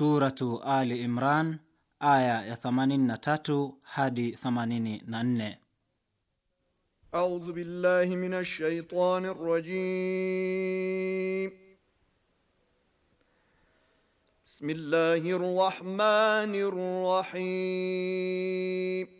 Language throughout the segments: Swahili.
Suratu Ali Imran aya ya 83 hadi 84. أعوذ بالله من الشيطان الرجيم بسم الله الرحمن الرحيم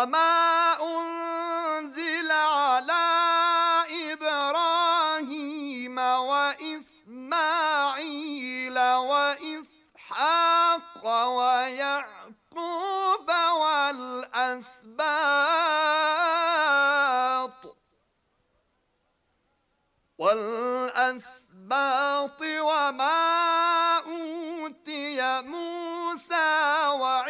وما أنزل على إبراهيم وإسماعيل وإسحاق ويعقوب والأسباط والأسباط وما أوتي موسى وعيسى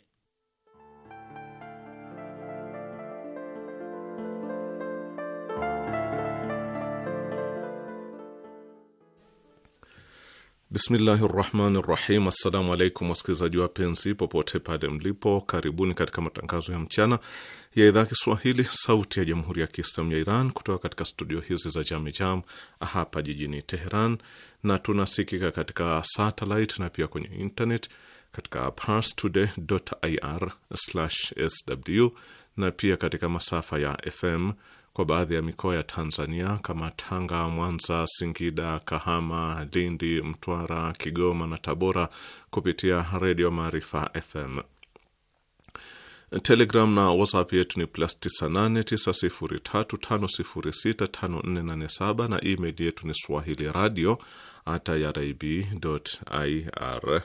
Bismillahi rahmani rahim. Assalamu alaikum wasikilizaji wapenzi, popote pale mlipo, karibuni katika matangazo ya mchana ya idhaa Kiswahili sauti ya jamhuri ya Kiislamu ya Iran kutoka katika studio hizi za Jamijam hapa jijini Teheran, na tunasikika katika satelit na pia kwenye internet katika parstoday.ir/sw na pia katika masafa ya FM kwa baadhi ya mikoa ya Tanzania kama Tanga, Mwanza, Singida, Kahama, Lindi, Mtwara, Kigoma na Tabora kupitia Redio Maarifa FM. Telegram na WhatsApp yetu ni plus 989035065487 na email yetu ni swahili radio at irib.ir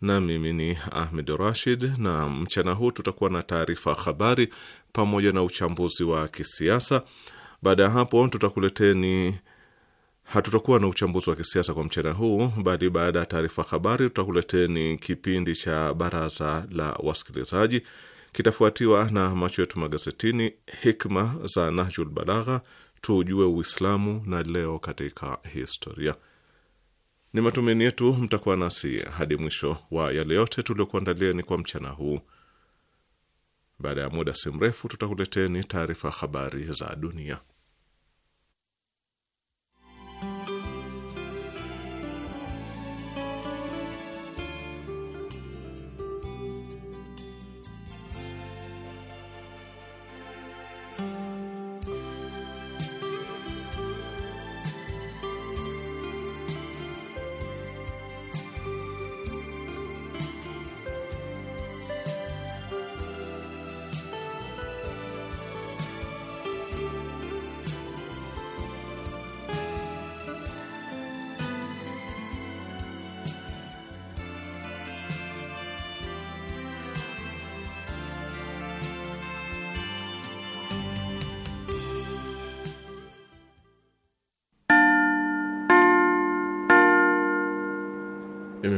na mimi ni Ahmed Rashid, na mchana huu tutakuwa na taarifa habari pamoja na uchambuzi wa kisiasa. Baada ya hapo, tutakuleteni hatutakuwa na uchambuzi wa kisiasa kwa mchana huu, bali baada ya taarifa habari tutakuleteni kipindi cha baraza la wasikilizaji, kitafuatiwa na macho yetu magazetini, hikma za Nahjul Balagha, tujue Uislamu na leo katika historia. Ni matumaini yetu mtakuwa nasi hadi mwisho wa yale yote tuliokuandalieni kwa mchana huu. Baada ya muda si mrefu, tutakuleteni taarifa habari za dunia.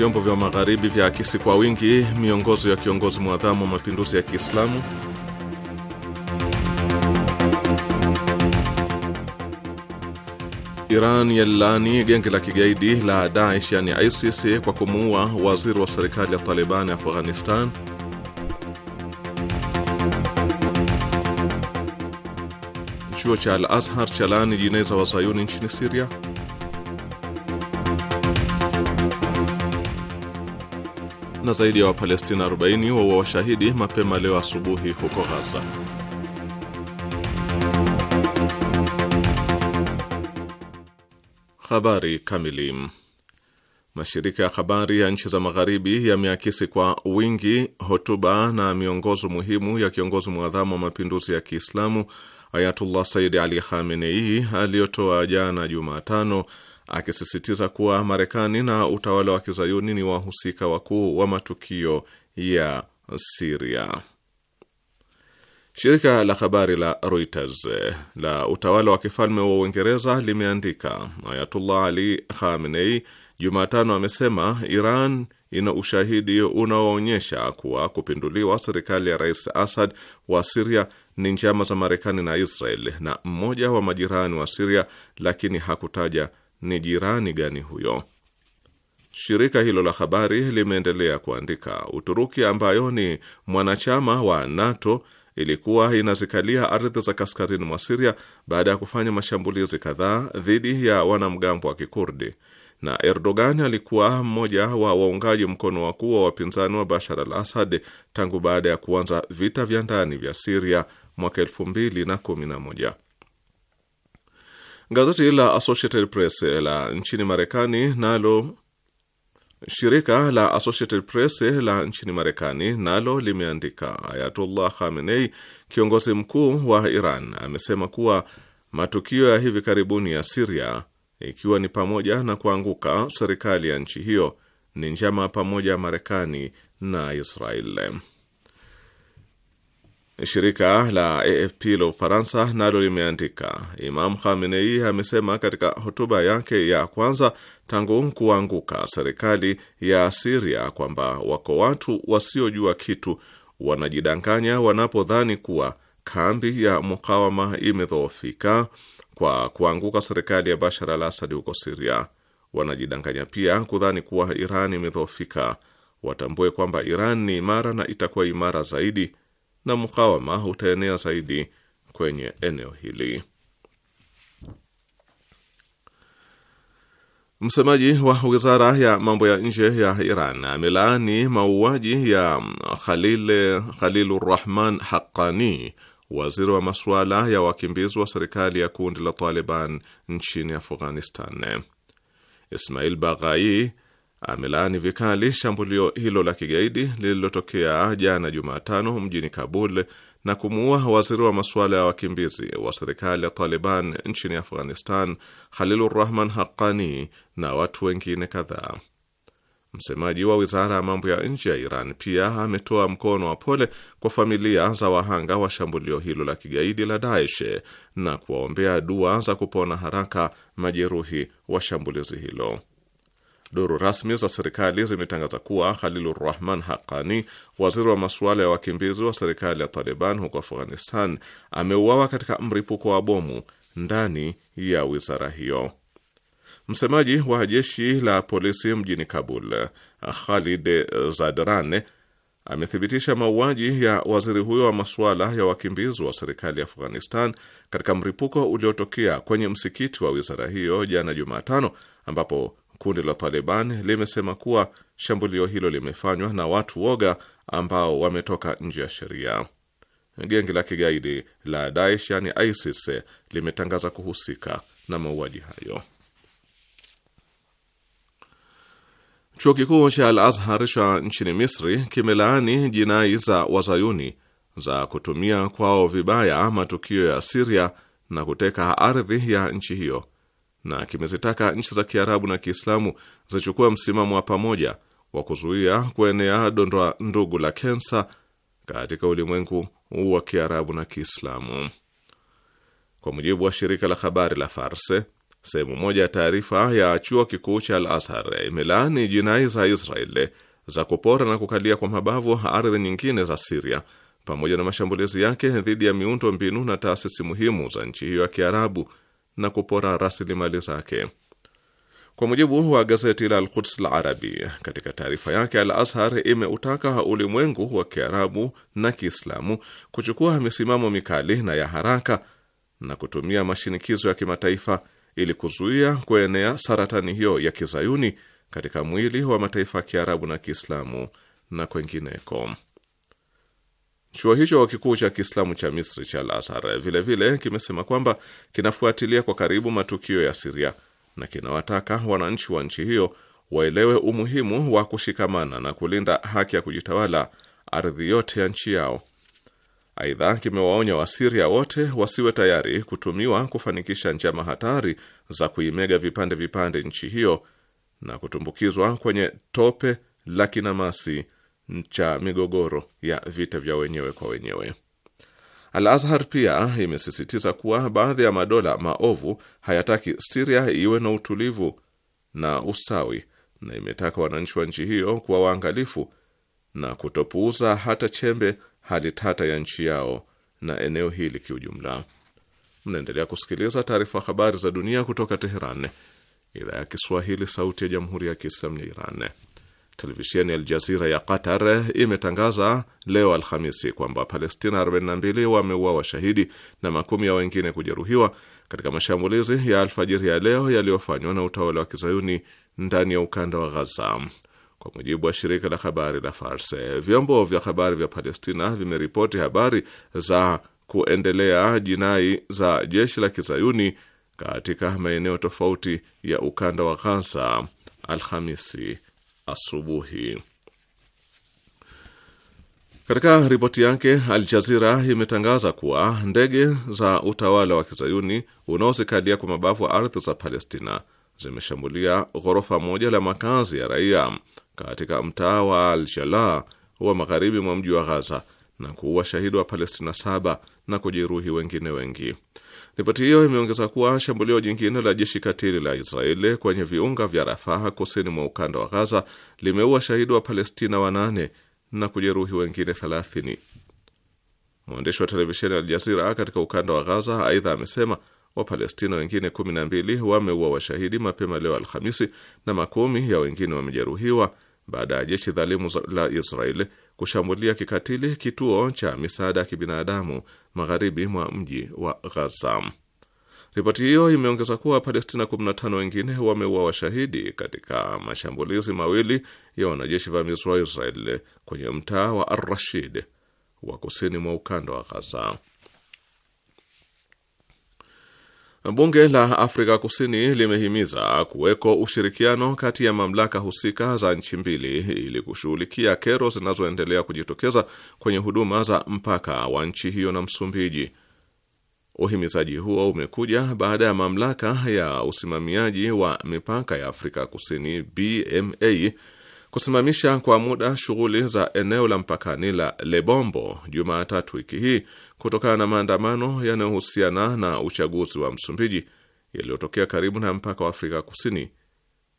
vyombo vya magharibi vya akisi kwa wingi miongozo ya kiongozi mwadhamu wa mapinduzi ya Kiislamu. Iran yalilaani genge la kigaidi la Daesh yani ISIS kwa kumuua waziri wa serikali ya Taliban Afghanistan. Chuo cha Al Azhar chalaani jinai za wazayuni nchini Siria. na zaidi ya Wapalestina 40 wa washahidi mapema leo asubuhi huko Gaza. Habari kamili. Mashirika ya habari ya nchi za Magharibi yameakisi kwa wingi hotuba na miongozo muhimu ya kiongozi mwadhamu wa mapinduzi ya Kiislamu Ayatullah Sayyid Ali Khamenei aliyotoa jana Jumatano akisisitiza kuwa Marekani na utawala wa kizayuni ni wahusika wakuu wa matukio ya Siria. Shirika la habari la Reuters eh, la utawala wa kifalme wa Uingereza limeandika Ayatullah Ali Khamenei Jumatano amesema Iran ina ushahidi unaoonyesha kuwa kupinduliwa serikali ya Rais Assad wa Siria ni njama za Marekani na Israel na mmoja wa majirani wa Siria, lakini hakutaja ni jirani gani huyo? Shirika hilo la habari limeendelea kuandika, Uturuki ambayo ni mwanachama wa NATO ilikuwa inazikalia ardhi za kaskazini mwa Siria baada ya kufanya mashambulizi kadhaa dhidi ya wanamgambo wa Kikurdi, na Erdogan alikuwa mmoja wa waungaji mkono wakuu wa wapinzani wa Bashar al Assad tangu baada ya kuanza vita vya ndani vya Siria mwaka 211 Gazeti la Associated Press la nchini Marekani nalo shirika la Associated Press la nchini Marekani nalo limeandika, Ayatullah Khamenei, kiongozi mkuu wa Iran, amesema kuwa matukio ya hivi karibuni ya Siria, ikiwa ni pamoja na kuanguka serikali ya nchi hiyo, ni njama pamoja Marekani na Israel. Shirika la AFP la Ufaransa nalo limeandika, Imam Khamenei amesema katika hotuba yake ya kwanza tangu kuanguka serikali ya Siria kwamba wako watu wasiojua kitu wanajidanganya wanapodhani kuwa kambi ya mukawama imedhoofika kwa kuanguka serikali ya Bashar al Asadi huko Siria. Wanajidanganya pia kudhani kuwa Iran imedhoofika. Watambue kwamba Iran ni imara na itakuwa imara zaidi na mukawama utaenea zaidi kwenye eneo hili. Msemaji wa wizara ya mambo ya nje ya Iran amelaani mauaji ya Khalil Khalilurrahman Haqqani, waziri wa masuala ya wakimbizi wa serikali ya kundi la Taliban nchini Afghanistan. Ismail Baghai amelaani vikali shambulio hilo la kigaidi lililotokea jana Jumatano mjini Kabul na kumuua waziri wa masuala ya wakimbizi wa serikali ya Taliban nchini Afghanistan, Khalilur haqani Haqqani na watu wengine kadhaa. Msemaji wa wizara ya mambo ya nje ya Iran pia ametoa mkono wa pole kwa familia za wahanga wa shambulio hilo la kigaidi la Daesh na kuwaombea dua za kupona haraka majeruhi wa shambulizi hilo. Duru rasmi za serikali zimetangaza kuwa Khalilur Rahman Haqqani, waziri wa masuala ya wakimbizi wa serikali ya Taliban huko Afghanistan, ameuawa katika mripuko wa bomu ndani ya wizara hiyo. Msemaji wa jeshi la polisi mjini Kabul, Khalid Zadran, amethibitisha mauaji ya waziri huyo wa masuala ya wakimbizi wa serikali ya Afghanistan katika mripuko uliotokea kwenye msikiti wa wizara hiyo jana Jumatano, ambapo Kundi la Taliban limesema kuwa shambulio hilo limefanywa na watu woga ambao wametoka nje ya sheria. Gengi la kigaidi la Daesh yani ISIS limetangaza kuhusika na mauaji hayo. Chuo kikuu cha Al Azhar cha nchini Misri kimelaani jinai za wazayuni za kutumia kwao vibaya matukio ya Siria na kuteka ardhi ya nchi hiyo na kimezitaka nchi za Kiarabu na Kiislamu zichukua msimamo wa pamoja wa kuzuia kuenea dondoa ndugu la kensa katika ulimwengu wa Kiarabu na Kiislamu. Kwa mujibu wa shirika la habari la Farse, sehemu moja ya taarifa ya chuo kikuu cha Al Azhar imelaani jinai za Israeli za kupora na kukalia kwa mabavu ardhi nyingine za Siria pamoja na mashambulizi yake dhidi ya miundo mbinu na taasisi muhimu za nchi hiyo ya Kiarabu na kupora rasilimali zake. Kwa mujibu wa gazeti la Alquds quds Al-Arabi, katika taarifa yake, Al-Azhar imeutaka ulimwengu wa Kiarabu na Kiislamu kuchukua misimamo mikali na ya haraka na kutumia mashinikizo ya kimataifa ili kuzuia kuenea saratani hiyo ya kizayuni katika mwili wa mataifa ya Kiarabu na Kiislamu na kwengineko. Chuo hicho kikuu cha Kiislamu cha Misri cha Al-Azhar vilevile kimesema kwamba kinafuatilia kwa karibu matukio ya Siria na kinawataka wananchi wa nchi hiyo waelewe umuhimu wa kushikamana na kulinda haki ya kujitawala ardhi yote ya nchi yao. Aidha, kimewaonya Wasiria wote wasiwe tayari kutumiwa kufanikisha njama hatari za kuimega vipande vipande nchi hiyo na kutumbukizwa kwenye tope la kinamasi cha migogoro ya vita vya wenyewe kwa wenyewe. Al Azhar pia imesisitiza kuwa baadhi ya madola maovu hayataki Siria iwe na utulivu na ustawi, na imetaka wananchi wa nchi hiyo kuwa waangalifu na kutopuuza hata chembe hali tata ya nchi yao na eneo hili kiujumla. Mnaendelea kusikiliza taarifa habari za dunia kutoka Teheran, idhaa ya Kiswahili, sauti ya jamhuri ya kiislamu ya Iran. Televisheni ya Aljazira ya Qatar imetangaza leo Alhamisi kwamba Palestina 42 wameua washahidi na makumi ya wengine kujeruhiwa katika mashambulizi ya alfajiri ya leo yaliyofanywa na utawala wa kizayuni ndani ya ukanda wa Ghaza. Kwa mujibu wa shirika la habari la Farse, vyombo vya habari vya Palestina vimeripoti habari za kuendelea jinai za jeshi la kizayuni katika maeneo tofauti ya ukanda wa Ghaza Alhamisi asubuhi. Katika ripoti yake Al Jazira imetangaza kuwa ndege za utawala wa kizayuni unaozikalia kwa mabavu wa ardhi za Palestina zimeshambulia ghorofa moja la makazi ya raia katika mtaa wa Al Jala wa magharibi mwa mji wa Ghaza na kuua shahidi wa Palestina saba na kujeruhi wengine wengi. Ripoti hiyo imeongeza kuwa shambulio jingine la jeshi katili la Israeli kwenye viunga vya Rafaha kusini mwa ukanda wa Ghaza limeua shahidi wa Palestina wanane na kujeruhi wengine thelathini. Mwandishi wa televisheni ya Aljazira katika ukanda wa Ghaza aidha amesema Wapalestina wengine kumi na mbili wameua washahidi mapema leo Alhamisi na makumi ya wengine wamejeruhiwa baada ya jeshi dhalimu la Israeli kushambulia kikatili kituo cha misaada ya kibinadamu magharibi mwa mji wa Ghaza. Ripoti hiyo imeongeza kuwa Palestina 15 wengine wameua washahidi katika mashambulizi mawili ya wanajeshi vamizi wa Israel kwenye mtaa wa arrashid wa kusini mwa ukanda wa Ghaza. Bunge la Afrika Kusini limehimiza kuweko ushirikiano kati ya mamlaka husika za nchi mbili ili kushughulikia kero zinazoendelea kujitokeza kwenye huduma za mpaka wa nchi hiyo na Msumbiji. Uhimizaji huo umekuja baada ya mamlaka ya usimamiaji wa mipaka ya Afrika Kusini BMA kusimamisha kwa muda shughuli za eneo la mpakani la Lebombo Jumatatu wiki hii kutokana na maandamano yanayohusiana na uchaguzi wa Msumbiji yaliyotokea karibu na mpaka wa Afrika Kusini.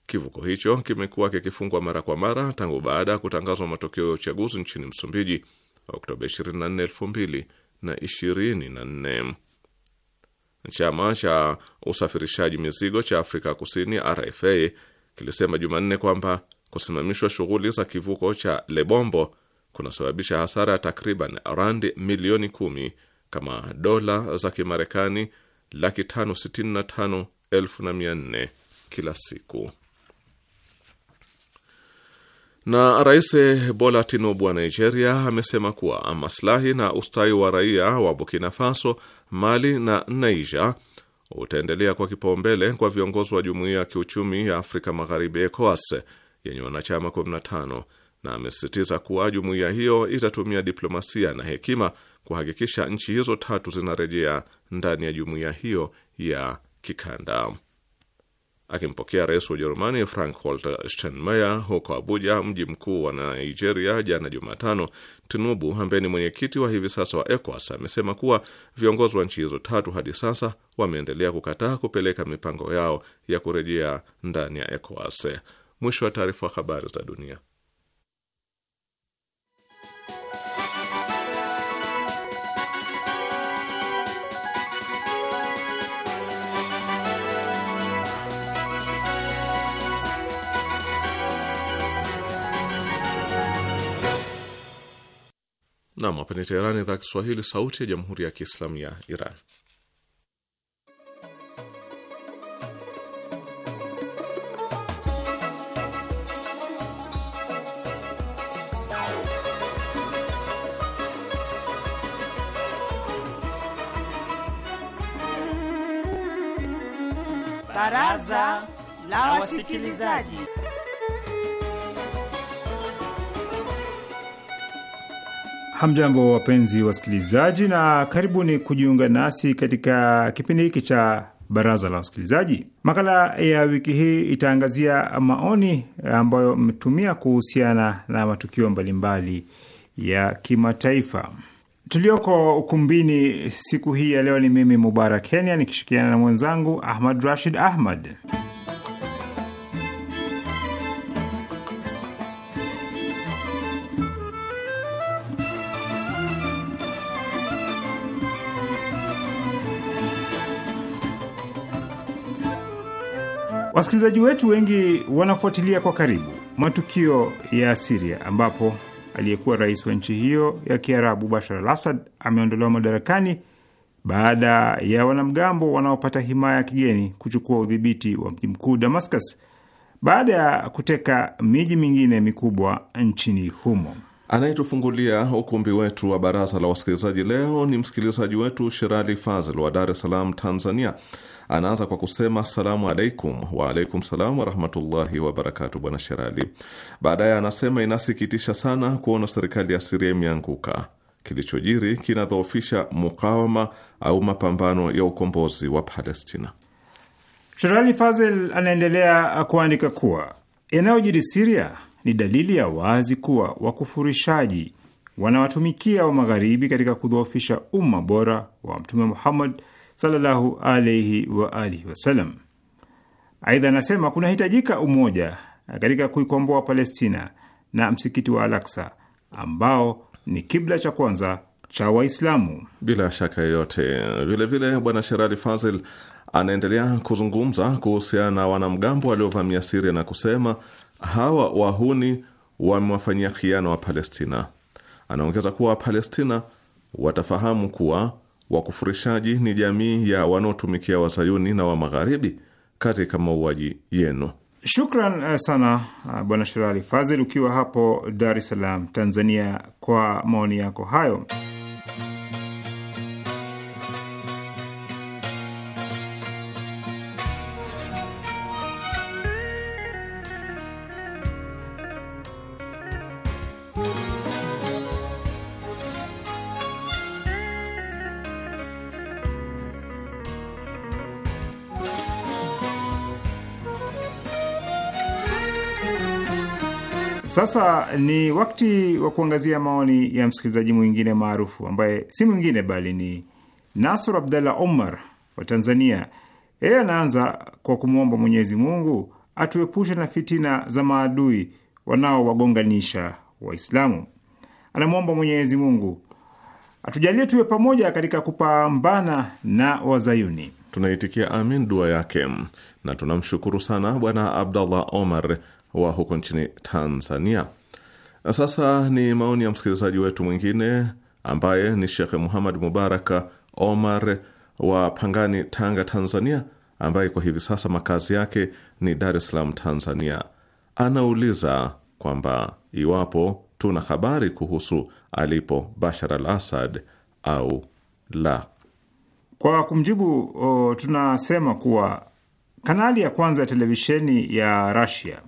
Kivuko hicho kimekuwa kikifungwa mara kwa mara tangu baada ya kutangazwa matokeo ya uchaguzi nchini Msumbiji Oktoba 24, 2024. Chama cha usafirishaji mizigo cha Afrika Kusini RFA kilisema Jumanne kwamba kusimamishwa shughuli za kivuko cha Lebombo kunasababisha hasara ya takriban randi milioni kumi kama dola za Kimarekani laki tano sitini na tano elfu na mia nne kila siku. Na Rais Bola Tinubu wa Nigeria amesema kuwa maslahi na ustawi wa raia wa Burkina Faso, Mali na Niger utaendelea kwa kipaumbele kwa viongozi wa Jumuiya ya Kiuchumi ya Afrika Magharibi, ECOWAS yenye wanachama 15 na amesisitiza kuwa jumuiya hiyo itatumia diplomasia na hekima kuhakikisha nchi hizo tatu zinarejea ndani ya jumuiya hiyo ya kikanda. Akimpokea rais wa Ujerumani Frank Walter Steinmeier huko Abuja, mji mkuu wa Nigeria, jana Jumatano, Tinubu ambaye ni mwenyekiti wa hivi sasa wa ECOWAS amesema kuwa viongozi wa nchi hizo tatu hadi sasa wameendelea kukataa kupeleka mipango yao ya kurejea ndani ya ECOWAS. Mwisho wa taarifa wa habari za dunia. Nam, hapa ni Teherani, idhaa Kiswahili, sauti ya jamhuri ya kiislamu ya Iran. Baraza la Wasikilizaji. Hamjambo, wapenzi wasikilizaji, na karibuni kujiunga nasi katika kipindi hiki cha Baraza la Wasikilizaji. Makala ya wiki hii itaangazia maoni ambayo mmetumia kuhusiana na matukio mbalimbali ya kimataifa. Tulioko ukumbini siku hii ya leo ni mimi Mubarak Kenya nikishirikiana na mwenzangu Ahmad Rashid Ahmad. Wasikilizaji wetu wengi wanafuatilia kwa karibu matukio ya Siria ambapo aliyekuwa rais wa nchi hiyo ya Kiarabu Bashar al Assad ameondolewa madarakani baada ya wanamgambo wanaopata himaya ya kigeni kuchukua udhibiti wa mji mkuu Damascus baada ya kuteka miji mingine mikubwa nchini humo. Anayetufungulia ukumbi wetu wa baraza la wasikilizaji leo ni msikilizaji wetu Shirali Fazil wa Dar es Salaam, Tanzania, anaanza kwa kusema salamu alaikum. Waalaikum salam warahmatullahi wabarakatu, bwana Sherali. Baadaye anasema inasikitisha sana kuona serikali ya Siria imeanguka. Kilichojiri kinadhoofisha mukawama au mapambano ya ukombozi wa Palestina. Sherali Fazel anaendelea kuandika kuwa yanayojiri Siria ni dalili ya wazi kuwa wakufurishaji wanawatumikia wa Magharibi katika kudhoofisha umma bora wa Mtume Muhammad sallallahu alaihi wa alihi wasallam. Aidha anasema kunahitajika umoja katika kuikomboa Palestina na msikiti wa alaksa ambao ni kibla cha kwanza cha Waislamu. Bila shaka yoyote, vilevile Bwana Sherali Fazil anaendelea kuzungumza kuhusiana na wanamgambo waliovamia Siria na kusema hawa wahuni wamewafanyia khiana wa Palestina. Anaongeza kuwa Wapalestina watafahamu kuwa wakufurishaji ni jamii ya wanaotumikia wazayuni na wa magharibi katika mauaji yenu. Shukran eh, sana eh, Bwana Sherali Fazil, ukiwa hapo Dar es Salaam, Tanzania, kwa maoni yako hayo. Sasa ni wakati wa kuangazia maoni ya msikilizaji mwingine maarufu ambaye si mwingine bali ni Nasr Abdallah Omar wa Tanzania. Yeye anaanza kwa kumwomba Mwenyezi Mungu atuepushe na fitina za maadui wanaowagonganisha Waislamu. Anamwomba Mwenyezi Mungu atujalie tuwe pamoja katika kupambana na Wazayuni. Tunaitikia amin dua yake na tunamshukuru sana Bwana Abdallah Omar wa huko nchini Tanzania. Na sasa ni maoni ya msikilizaji wetu mwingine ambaye ni Shekhe Muhammad Mubaraka Omar wa Pangani, Tanga, Tanzania, ambaye kwa hivi sasa makazi yake ni Dar es Salaam, Tanzania. Anauliza kwamba iwapo tuna habari kuhusu alipo Bashar al Asad au la. Kwa kumjibu o, tunasema kuwa kanali ya kwanza ya televisheni ya Russia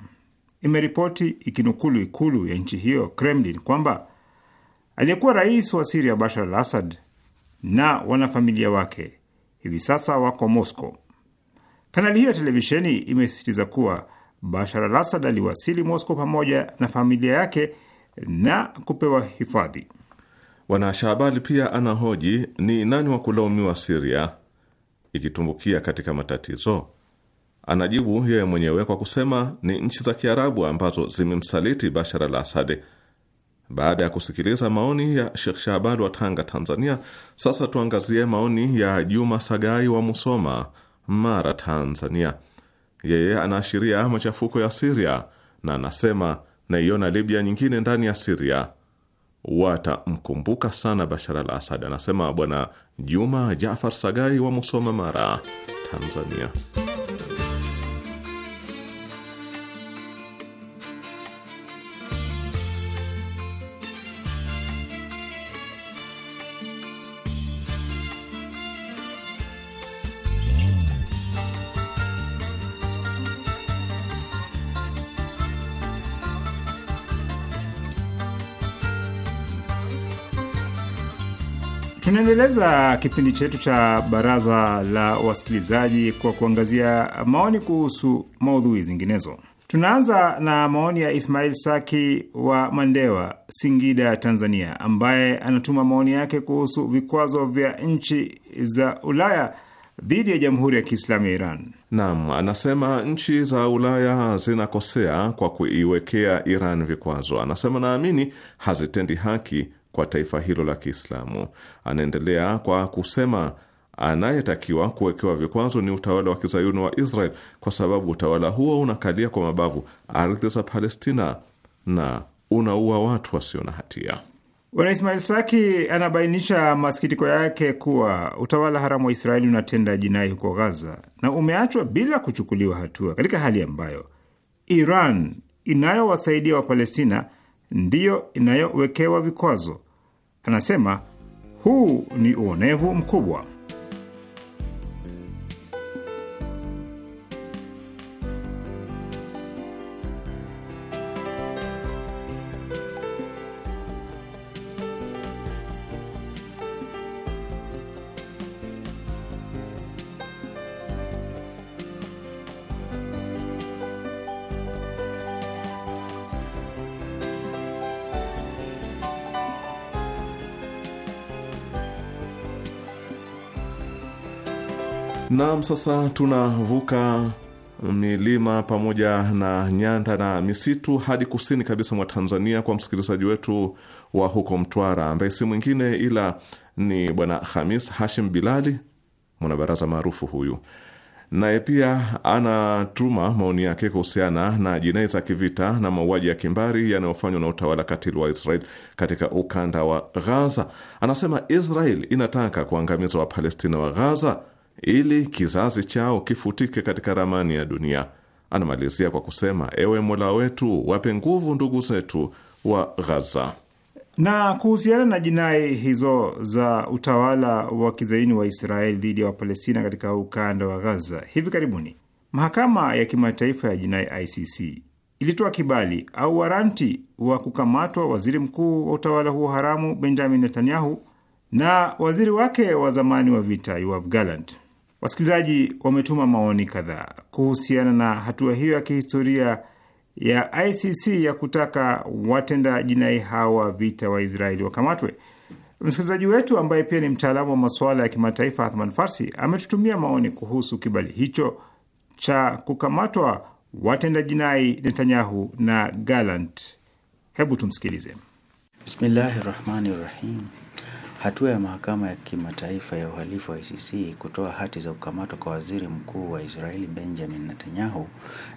imeripoti ikinukulu ikulu ya nchi hiyo Kremlin kwamba aliyekuwa rais wa Siria Bashar al Assad na wanafamilia wake hivi sasa wako Moscow. Kanali hiyo ya televisheni imesisitiza kuwa Bashar al Assad aliwasili Moscow pamoja na familia yake na kupewa hifadhi. Bwana Shahabali pia anahoji ni nani wa kulaumiwa Siria ikitumbukia katika matatizo. Anajibu yeye mwenyewe kwa kusema ni nchi za Kiarabu ambazo zimemsaliti Bashar al Asadi. Baada ya kusikiliza maoni ya Sheikh Shahbad wa Tanga, Tanzania, sasa tuangazie maoni ya Juma Sagai wa Musoma, Mara, Tanzania. Yeye anaashiria machafuko ya Siria na anasema naiona Libya nyingine ndani ya Siria. Watamkumbuka sana Bashar al Asad, anasema Bwana Juma Jafar Sagai wa Musoma, Mara, Tanzania. Tunaendeleza kipindi chetu cha baraza la wasikilizaji kwa kuangazia maoni kuhusu maudhui zinginezo. Tunaanza na maoni ya Ismail Saki wa Mandewa, Singida, Tanzania, ambaye anatuma maoni yake kuhusu vikwazo vya nchi za Ulaya dhidi ya Jamhuri ya Kiislamu ya Iran. Naam, anasema nchi za Ulaya zinakosea kwa kuiwekea Iran vikwazo. Anasema naamini hazitendi haki kwa taifa hilo la Kiislamu. Anaendelea kwa kusema anayetakiwa kuwekewa vikwazo ni utawala wa kizayuni wa Israel kwa sababu utawala huo unakalia kwa mabavu ardhi za Palestina na unaua watu wasio na hatia. Bwana Ismail Saki anabainisha masikitiko yake kuwa utawala haramu wa Israeli unatenda jinai huko Ghaza na umeachwa bila kuchukuliwa hatua, katika hali ambayo Iran inayowasaidia Wapalestina ndiyo inayowekewa vikwazo. Anasema huu ni uonevu mkubwa. Naam, sasa tunavuka milima pamoja na nyanda na misitu hadi kusini kabisa mwa Tanzania kwa msikilizaji wetu wa huko Mtwara, ambaye si mwingine ila ni Bwana Hamis Hashim Bilali, mwanabaraza maarufu huyu. Naye pia anatuma maoni yake kuhusiana na jinai za kivita na mauaji ya kimbari yanayofanywa na utawala katili wa Israel katika ukanda wa Ghaza. Anasema Israel inataka kuangamiza Wapalestina wa Ghaza ili kizazi chao kifutike katika ramani ya dunia. Anamalizia kwa kusema, ewe Mola wetu, wape nguvu ndugu zetu wa Ghaza. Na kuhusiana na jinai hizo za utawala wa kizaini wa Israeli dhidi ya Wapalestina katika ukanda wa Ghaza, hivi karibuni mahakama ya kimataifa ya jinai ICC ilitoa kibali au waranti wa kukamatwa waziri mkuu wa utawala huo haramu Benjamin Netanyahu na waziri wake wa zamani wa vita Yoav Gallant. Wasikilizaji wametuma maoni kadhaa kuhusiana na hatua hiyo ya kihistoria ya ICC ya kutaka watenda jinai hawa vita wa Israeli wakamatwe. Msikilizaji wetu ambaye pia ni mtaalamu wa masuala ya kimataifa Athman Farsi ametutumia maoni kuhusu kibali hicho cha kukamatwa watenda jinai Netanyahu na Gallant. Hebu tumsikilize. Bismillahi rahmani rahim Hatua ya mahakama ya kimataifa ya uhalifu wa ICC kutoa hati za kukamatwa kwa waziri mkuu wa Israeli Benjamin Netanyahu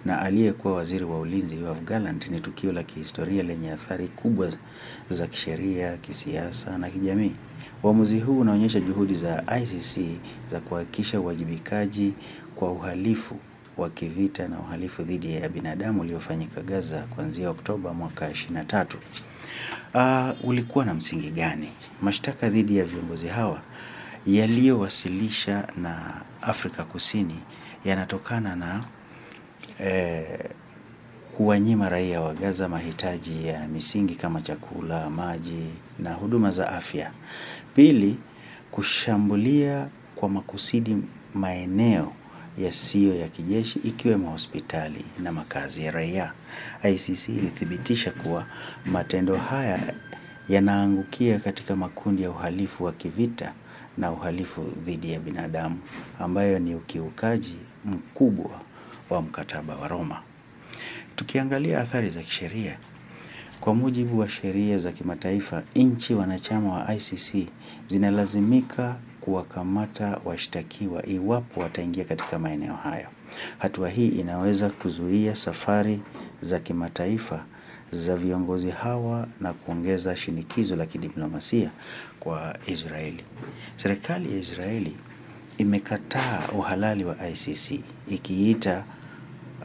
na aliyekuwa waziri wa ulinzi Yoav Gallant ni tukio la kihistoria lenye athari kubwa za kisheria, kisiasa na kijamii. Uamuzi huu unaonyesha juhudi za ICC za kuhakikisha uwajibikaji kwa uhalifu wa kivita na uhalifu dhidi ya binadamu uliofanyika Gaza kuanzia Oktoba mwaka 23. Uh, ulikuwa na msingi gani? Mashtaka dhidi ya viongozi hawa yaliyowasilisha na Afrika Kusini yanatokana na eh, kuwanyima raia wa Gaza mahitaji ya misingi kama chakula, maji na huduma za afya. Pili, kushambulia kwa makusudi maeneo yasiyo ya kijeshi ikiwemo hospitali na makazi ya raia. ICC ilithibitisha kuwa matendo haya yanaangukia katika makundi ya uhalifu wa kivita na uhalifu dhidi ya binadamu ambayo ni ukiukaji mkubwa wa mkataba wa Roma. Tukiangalia athari za kisheria, kwa mujibu wa sheria za kimataifa, nchi wanachama wa ICC zinalazimika kuwakamata washtakiwa iwapo wataingia katika maeneo hayo. Hatua hii inaweza kuzuia safari za kimataifa za viongozi hawa na kuongeza shinikizo la kidiplomasia kwa Israeli. Serikali ya Israeli imekataa uhalali wa ICC ikiita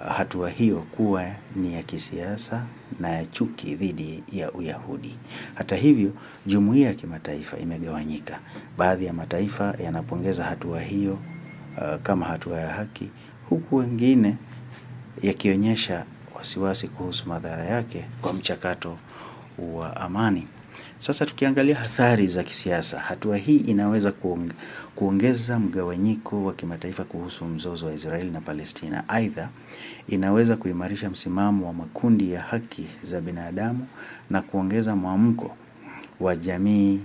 hatua hiyo kuwa ni ya kisiasa na ya chuki dhidi ya Uyahudi. Hata hivyo, jumuiya ya kimataifa imegawanyika. Baadhi ya mataifa yanapongeza hatua hiyo uh, kama hatua ya haki, huku wengine yakionyesha wasiwasi kuhusu madhara yake kwa mchakato wa amani. Sasa tukiangalia athari za kisiasa, hatua hii inaweza kuongeza mgawanyiko wa kimataifa kuhusu mzozo wa Israeli na Palestina. Aidha, inaweza kuimarisha msimamo wa makundi ya haki za binadamu na kuongeza mwamko wa jamii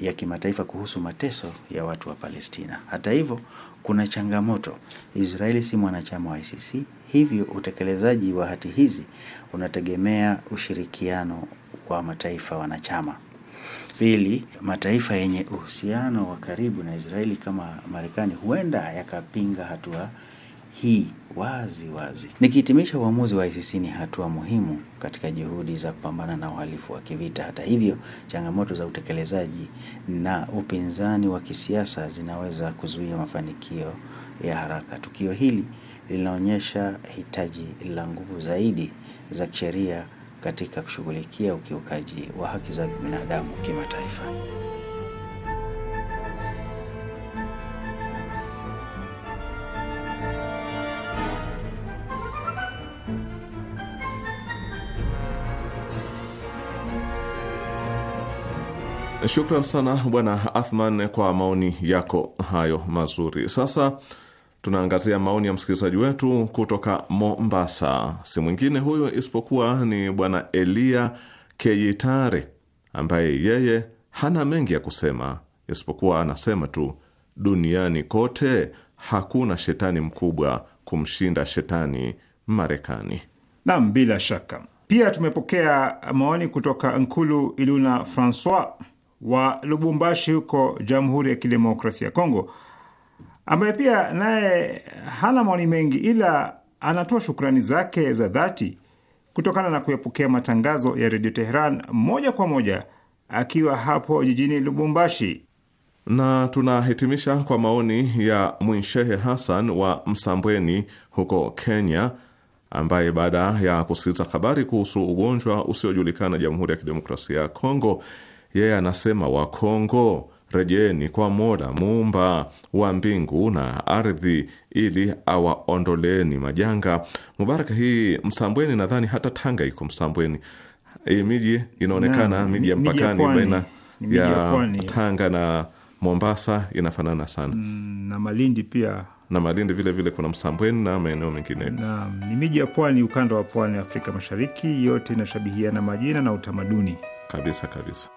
ya kimataifa kuhusu mateso ya watu wa Palestina. Hata hivyo, kuna changamoto. Israeli si mwanachama wa ICC, hivyo utekelezaji wa hati hizi unategemea ushirikiano kwa mataifa wanachama. Pili, mataifa yenye uhusiano wa karibu na Israeli kama Marekani huenda yakapinga hatua hii wazi wazi. Nikihitimisha, uamuzi wa ICC ni hatua muhimu katika juhudi za kupambana na uhalifu wa kivita. Hata hivyo, changamoto za utekelezaji na upinzani wa kisiasa zinaweza kuzuia mafanikio ya haraka. Tukio hili linaonyesha hitaji la nguvu zaidi za kisheria katika kushughulikia ukiukaji wa haki za binadamu kimataifa. Shukran sana Bwana Athman kwa maoni yako hayo mazuri. Sasa Tunaangazia maoni ya msikilizaji wetu kutoka Mombasa, si mwingine huyo isipokuwa ni bwana Elia Keyitare, ambaye yeye hana mengi ya kusema isipokuwa anasema tu, duniani kote hakuna shetani mkubwa kumshinda shetani Marekani. Nam, bila shaka pia tumepokea maoni kutoka Nkulu Iluna Francois wa Lubumbashi huko Jamhuri ya Kidemokrasia ya Kongo ambaye pia naye hana maoni mengi, ila anatoa shukrani zake za dhati kutokana na kuyapokea matangazo ya redio Teheran moja kwa moja akiwa hapo jijini Lubumbashi. Na tunahitimisha kwa maoni ya Mwinshehe Hassan wa Msambweni huko Kenya, ambaye baada ya kusikiliza habari kuhusu ugonjwa usiojulikana Jamhuri ya Kidemokrasia ya Kongo, yeye anasema Wakongo Rejeeni kwa Mola muumba wa mbingu na ardhi, ili awaondoleeni majanga. Mubaraka hii Msambweni, nadhani hata Tanga iko Msambweni. E, miji inaonekana miji ya mpakani baina ya Tanga na Mombasa inafanana sana mm, na Malindi pia na Malindi vile vile kuna Msambweni na maeneo mengine. Naam, ni miji ya pwani, ukanda wa pwani Afrika Mashariki, yote inashabihiana majina na utamaduni kabisa kabisa.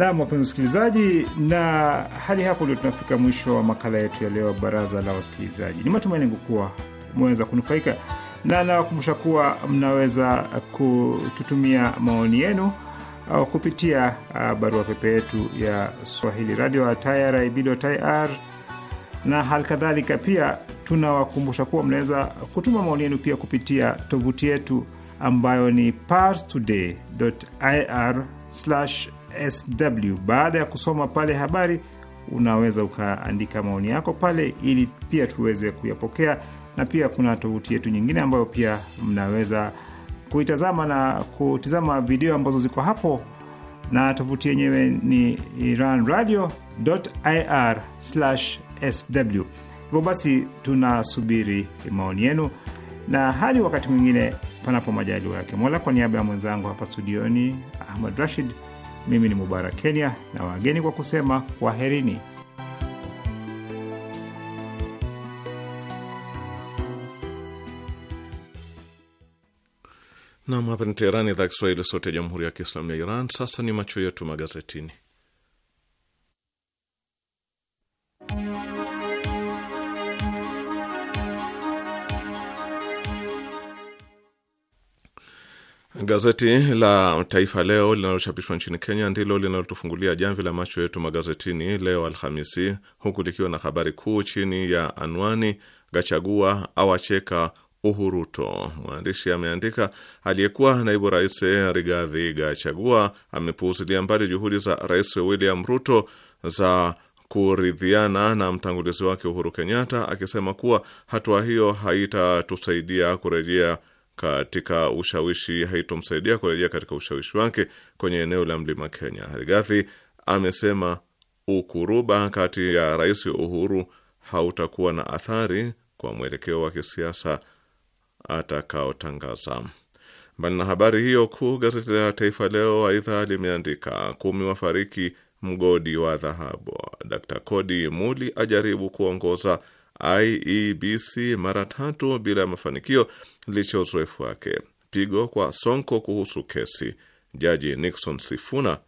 Naam, wapenzi wasikilizaji, na hadi hapo ndio tunafika mwisho wa makala yetu ya leo, baraza la wasikilizaji. Ni matumaini yangu kuwa umeweza kunufaika na nawakumbusha kuwa mnaweza kututumia maoni yenu au uh, kupitia uh, barua pepe yetu ya swahili radio atayaribir na hali kadhalika. Pia tunawakumbusha kuwa mnaweza kutuma maoni yenu pia kupitia tovuti yetu ambayo ni parstoday.ir sw. Baada ya kusoma pale habari, unaweza ukaandika maoni yako pale, ili pia tuweze kuyapokea. Na pia kuna tovuti yetu nyingine ambayo pia mnaweza kuitazama na kutizama video ambazo ziko hapo, na tovuti yenyewe ni iranradio.ir/sw. Hivyo basi tunasubiri maoni yenu, na hadi wakati mwingine, panapo majaliwa yake Mola. Kwa niaba ya mwenzangu hapa studioni Ahmad Rashid, mimi ni Mubarak Kenya na wageni kwa kusema kwaherini. Nam, hapa ni Teherani, idhaa Kiswahili, sauti ya jamhuri ya kiislamu ya Iran. Sasa ni macho yetu magazetini. Gazeti la Taifa Leo linalochapishwa nchini Kenya ndilo linalotufungulia jamvi la macho yetu magazetini leo Alhamisi, huku likiwa na habari kuu chini ya anwani Gachagua awacheka Uhuruto. Mwandishi ameandika, aliyekuwa naibu rais Rigathi Gachagua amepuuzilia mbali juhudi za Rais William Ruto za kuridhiana na mtangulizi wake Uhuru Kenyatta, akisema kuwa hatua hiyo haitatusaidia kurejea katika ushawishi haitomsaidia kurejea katika ushawishi wake kwenye eneo la mlima Kenya. Harigathi amesema ukuruba kati ya Rais Uhuru hautakuwa na athari kwa mwelekeo wa kisiasa atakaotangaza. Mbali na habari hiyo kuu, gazeti la Taifa Leo aidha limeandika kumi wafariki mgodi wa dhahabu, d Kodi Muli ajaribu kuongoza IEBC mara tatu bila ya mafanikio, licha ya uzoefu wake. Pigo kwa Sonko kuhusu kesi, Jaji Nixon Sifuna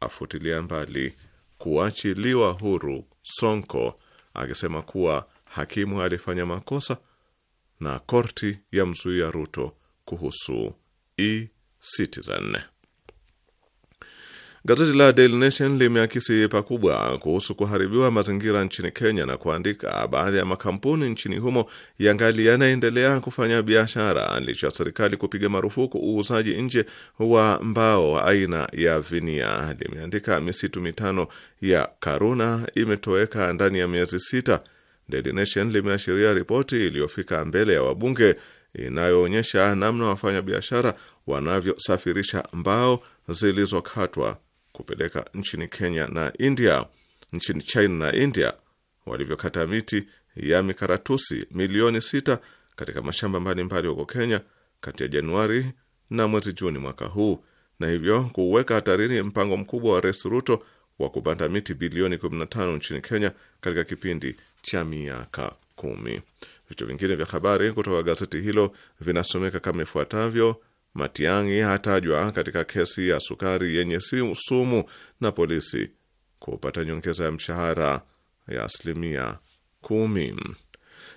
afutilia mbali kuachiliwa huru Sonko akisema kuwa hakimu alifanya makosa na korti ya mzuia Ruto kuhusu e-Citizen. Gazeti la Daily Nation limeakisi pakubwa kuhusu kuharibiwa mazingira nchini Kenya na kuandika baadhi ya makampuni nchini humo yangali yanaendelea kufanya biashara licha ya serikali kupiga marufuku uuzaji nje wa mbao aina ya vinia. Limeandika misitu mitano ya Karuna imetoweka ndani ya miezi sita. Daily Nation limeashiria ripoti iliyofika mbele ya wabunge inayoonyesha namna wafanyabiashara wanavyosafirisha mbao zilizokatwa kupeleka nchini Kenya na India, nchini China na India walivyokata miti ya mikaratusi milioni sita katika mashamba mbalimbali huko Kenya kati ya Januari na mwezi Juni mwaka huu na hivyo kuweka hatarini mpango mkubwa wa Rais Ruto wa kupanda miti bilioni 15 nchini Kenya katika kipindi cha miaka kumi. Vichwa vingine vya habari kutoka gazeti hilo vinasomeka kama ifuatavyo: Matiang'i hatajwa katika kesi ya sukari yenye sumu na polisi kupata nyongeza ya mshahara ya asilimia kumi.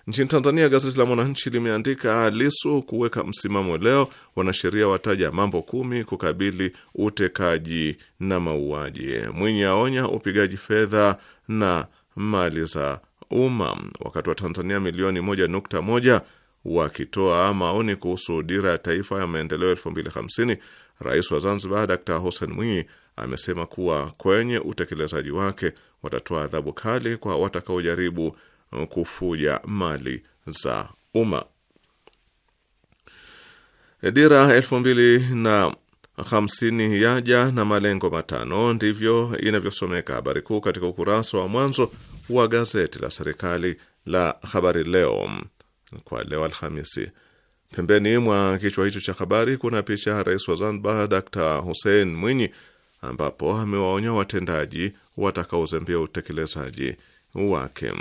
Nchini Tanzania, gazeti la Mwananchi limeandika Lisu kuweka msimamo leo, wanasheria wataja mambo kumi kukabili utekaji na mauaji. Mwinyi aonya upigaji fedha na mali za umma, wakati wa Tanzania milioni moja nukta moja wakitoa maoni kuhusu dira ya taifa ya maendeleo 2050, rais wa Zanzibar Dr Hussein Mwinyi amesema kuwa kwenye utekelezaji wake watatoa adhabu kali kwa watakaojaribu uh, kufuja mali za umma. Dira elfu mbili na hamsini yaja na malengo matano, ndivyo inavyosomeka habari kuu katika ukurasa wa mwanzo wa gazeti la serikali la Habari Leo kwa leo Alhamisi. Pembeni mwa kichwa hicho cha habari kuna picha ya rais wa Zanzibar Dr Hussein Mwinyi, ambapo amewaonya watendaji watakaozembea utekelezaji wake.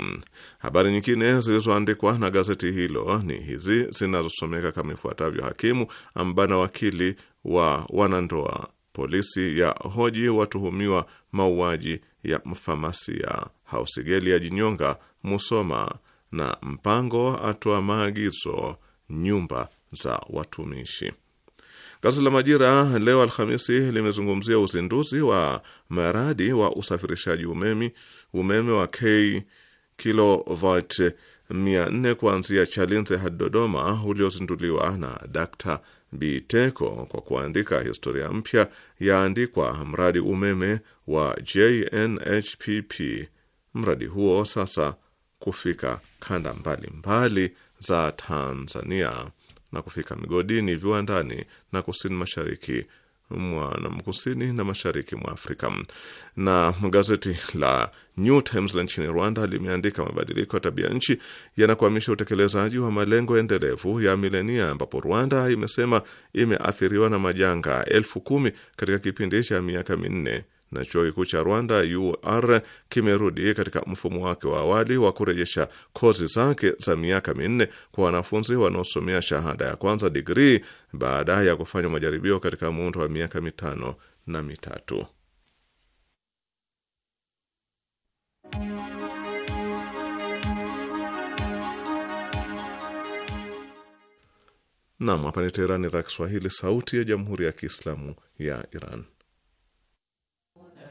Habari nyingine zilizoandikwa na gazeti hilo ni hizi zinazosomeka kama ifuatavyo: hakimu ambana wakili wa wanandoa, polisi ya hoji watuhumiwa mauaji ya mfamasia, Hausigeli ya jinyonga Musoma, na mpango atoa maagizo nyumba za watumishi. Gazeti la Majira leo Alhamisi limezungumzia uzinduzi wa mradi wa usafirishaji umeme umeme wa k kilovati 400 kuanzia Chalinze hadi Dodoma uliozinduliwa na Dkt. Biteko kwa kuandika historia mpya yaandikwa mradi umeme wa JNHPP. Mradi huo sasa kufika kanda mbalimbali mbali za Tanzania na kufika migodini, viwandani na kusini mashariki kusini na mashariki mwa Afrika. Na gazeti la New Times la nchini Rwanda limeandika mabadiliko ya tabia nchi yanakwamisha utekelezaji wa malengo endelevu ya milenia, ambapo Rwanda imesema imeathiriwa na majanga elfu kumi katika kipindi cha miaka minne na chuo kikuu cha Rwanda UR kimerudi katika mfumo wake wa awali wa kurejesha kozi zake za miaka minne kwa wanafunzi wanaosomea shahada ya kwanza digrii baada ya kufanya majaribio katika muundo wa miaka mitano na mitatu. Nam, hapa ni Teherani, idhaa Kiswahili, sauti ya jamhuri ya kiislamu ya Iran.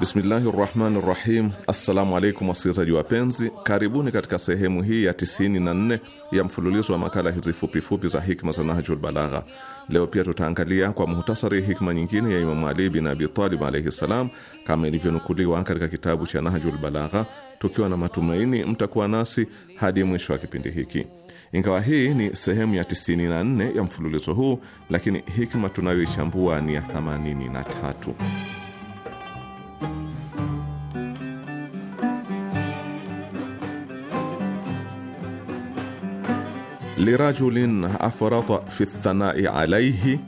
Bismillahi rahmani rahim. Assalamu alaikum wasikilizaji wapenzi, karibuni katika sehemu hii ya 94 ya mfululizo wa makala hizi fupifupi za hikma za Nahjul Balagha. Leo pia tutaangalia kwa muhtasari hikma nyingine ya Imamu Ali bin Abi Talib alaihi ssalam, kama ilivyonukuliwa katika kitabu cha Nahjul Balagha, tukiwa na matumaini mtakuwa nasi hadi mwisho wa kipindi hiki. Ingawa hii ni sehemu ya 94 ya mfululizo huu, lakini hikma tunayoichambua ni ya 83. lirajulin afrata fi thanai alaihi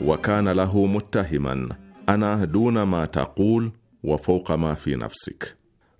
wa kana lahu muttahiman ana duna ma taqul wa fauqa ma fi nafsik,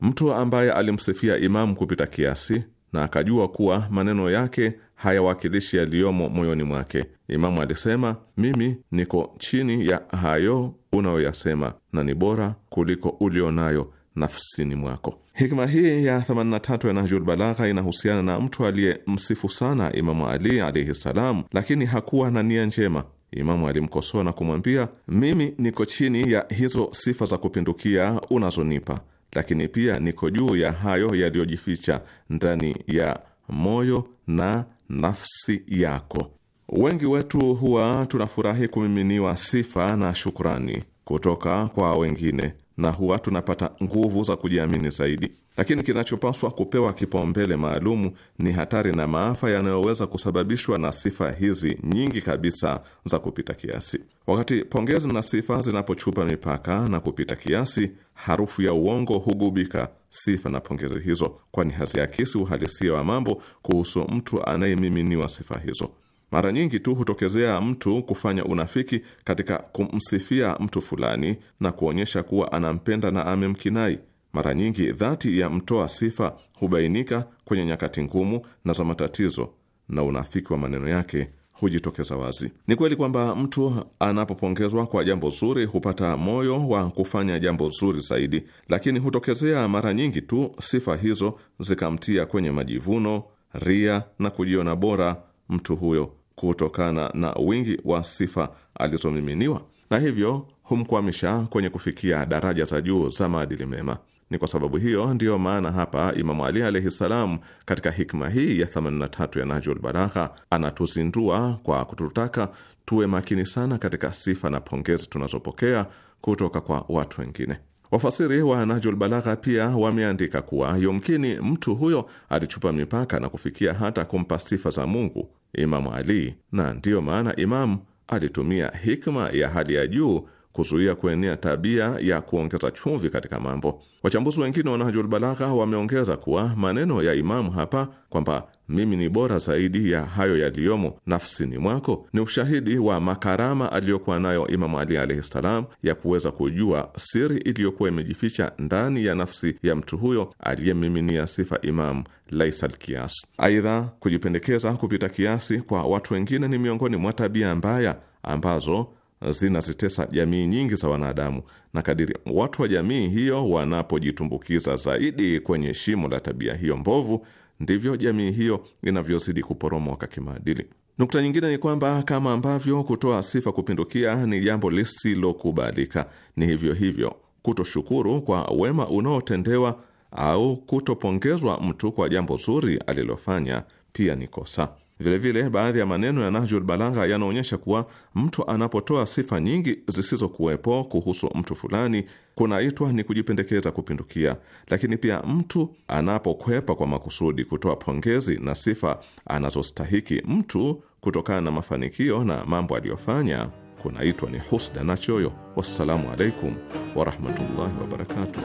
mtu ambaye alimsifia Imamu kupita kiasi na akajua kuwa maneno yake hayawakilishi yaliyomo moyoni mwake. Imamu alisema, mimi niko chini ya hayo unayoyasema na ni bora kuliko ulionayo nafsini mwako. Hikma hii ya 83 ya Nahjul Balagha inahusiana na mtu aliyemsifu sana Imamu Ali alaihi ssalam lakini hakuwa na nia njema. Imamu alimkosoa na kumwambia, mimi niko chini ya hizo sifa za kupindukia unazonipa lakini pia niko juu ya hayo yaliyojificha ndani ya moyo na nafsi yako. Wengi wetu huwa tunafurahi kumiminiwa sifa na shukrani kutoka kwa wengine, na huwa tunapata nguvu za kujiamini zaidi lakini kinachopaswa kupewa kipaumbele maalumu ni hatari na maafa yanayoweza kusababishwa na sifa hizi nyingi kabisa za kupita kiasi. Wakati pongezi na sifa zinapochupa mipaka na kupita kiasi, harufu ya uongo hugubika sifa na pongezi hizo, kwani haziakisi uhalisia wa mambo kuhusu mtu anayemiminiwa sifa hizo. Mara nyingi tu hutokezea mtu kufanya unafiki katika kumsifia mtu fulani na kuonyesha kuwa anampenda na amemkinai mara nyingi dhati ya mtoa sifa hubainika kwenye nyakati ngumu na za matatizo, na unafiki wa maneno yake hujitokeza wazi. Ni kweli kwamba mtu anapopongezwa kwa jambo zuri hupata moyo wa kufanya jambo zuri zaidi, lakini hutokezea mara nyingi tu sifa hizo zikamtia kwenye majivuno, ria na kujiona bora mtu huyo, kutokana na wingi wa sifa alizomiminiwa, na hivyo humkwamisha kwenye kufikia daraja za juu za maadili mema. Ni kwa sababu hiyo ndiyo maana hapa Imamu Ali alaihi ssalam, katika hikma hii ya 83 ya Najul Balagha anatuzindua kwa kututaka tuwe makini sana katika sifa na pongezi tunazopokea kutoka kwa watu wengine. Wafasiri wa najul Balagha pia wameandika kuwa yumkini mtu huyo alichupa mipaka na kufikia hata kumpa sifa za Mungu Imamu Ali, na ndiyo maana Imamu alitumia hikma ya hali ya juu kuzuia kuenea tabia ya kuongeza chumvi katika mambo. Wachambuzi wengine wa Nahjul Balagha wameongeza kuwa maneno ya Imamu hapa kwamba mimi ni bora zaidi ya hayo yaliyomo nafsini mwako ni ushahidi wa makarama aliyokuwa nayo Imamu Ali alaihi ssalam, ya kuweza kujua siri iliyokuwa imejificha ndani ya nafsi ya mtu huyo aliyemiminia sifa Imamu laisa lkias Aidha, kujipendekeza kupita kiasi kwa watu wengine ni miongoni mwa tabia mbaya ambazo Eh, zinazitesa jamii nyingi za wanadamu, na kadiri watu wa jamii hiyo wanapojitumbukiza zaidi kwenye shimo la tabia hiyo mbovu, ndivyo jamii hiyo inavyozidi kuporomoka kimaadili. Nukta nyingine ni kwamba kama ambavyo kutoa sifa kupindukia ni jambo lisilokubalika, ni hivyo hivyo kutoshukuru kwa wema unaotendewa au kutopongezwa mtu kwa jambo zuri alilofanya pia ni kosa. Vilevile vile, baadhi ya maneno ya Nahjul Balagha yanaonyesha kuwa mtu anapotoa sifa nyingi zisizokuwepo kuhusu mtu fulani kunaitwa ni kujipendekeza kupindukia, lakini pia mtu anapokwepa kwa makusudi kutoa pongezi na sifa anazostahiki mtu kutokana na mafanikio na mambo aliyofanya kunaitwa ni husda na choyo. Wassalamu alaikum warahmatullahi wabarakatuh.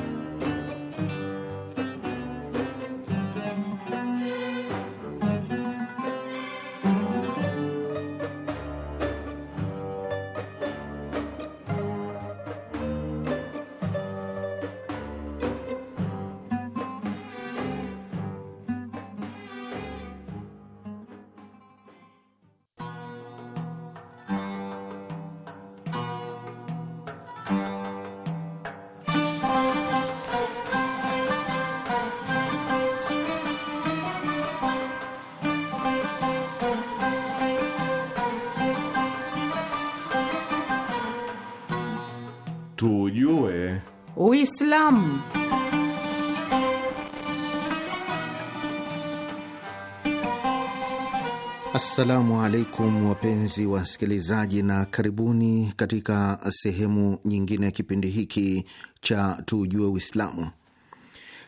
Assalamu alaikum wapenzi wasikilizaji, na karibuni katika sehemu nyingine ya kipindi hiki cha Tujue Uislamu.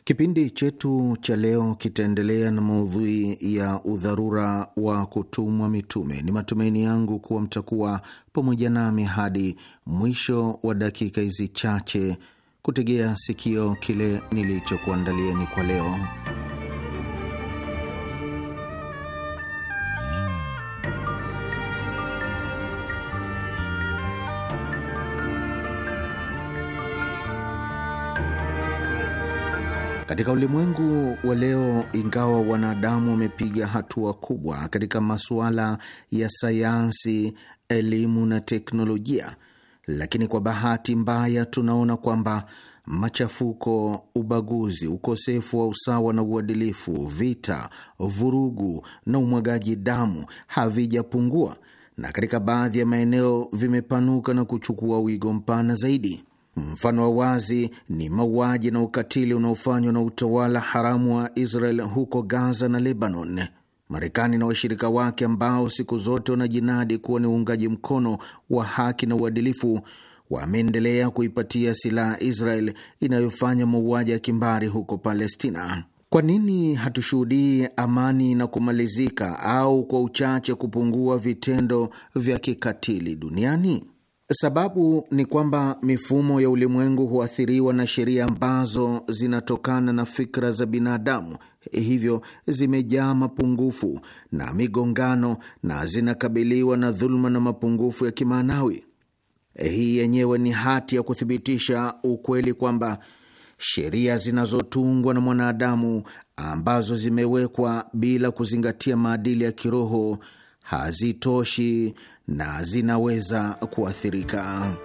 Kipindi chetu cha leo kitaendelea na maudhui ya udharura wa kutumwa mitume. Ni matumaini yangu kuwa mtakuwa pamoja nami hadi mwisho wa dakika hizi chache kutegea sikio kile nilichokuandalieni kwa leo. Katika ulimwengu wa leo, ingawa wanadamu wamepiga hatua kubwa katika masuala ya sayansi, elimu na teknolojia, lakini kwa bahati mbaya tunaona kwamba machafuko, ubaguzi, ukosefu wa usawa na uadilifu, vita, vurugu na umwagaji damu havijapungua, na katika baadhi ya maeneo vimepanuka na kuchukua wigo mpana zaidi. Mfano wa wazi ni mauaji na ukatili unaofanywa na utawala haramu wa Israel huko Gaza na Lebanon. Marekani na washirika wake ambao siku zote wanajinadi kuwa ni uungaji mkono wa haki na uadilifu wameendelea kuipatia silaha Israel inayofanya mauaji ya kimbari huko Palestina. Kwa nini hatushuhudii amani na kumalizika au kwa uchache kupungua vitendo vya kikatili duniani? Sababu ni kwamba mifumo ya ulimwengu huathiriwa na sheria ambazo zinatokana na fikra za binadamu, hivyo zimejaa mapungufu na migongano na zinakabiliwa na dhuluma na mapungufu ya kimaanawi. Hii yenyewe ni hati ya kuthibitisha ukweli kwamba sheria zinazotungwa na mwanadamu ambazo zimewekwa bila kuzingatia maadili ya kiroho hazitoshi na zinaweza kuathirika.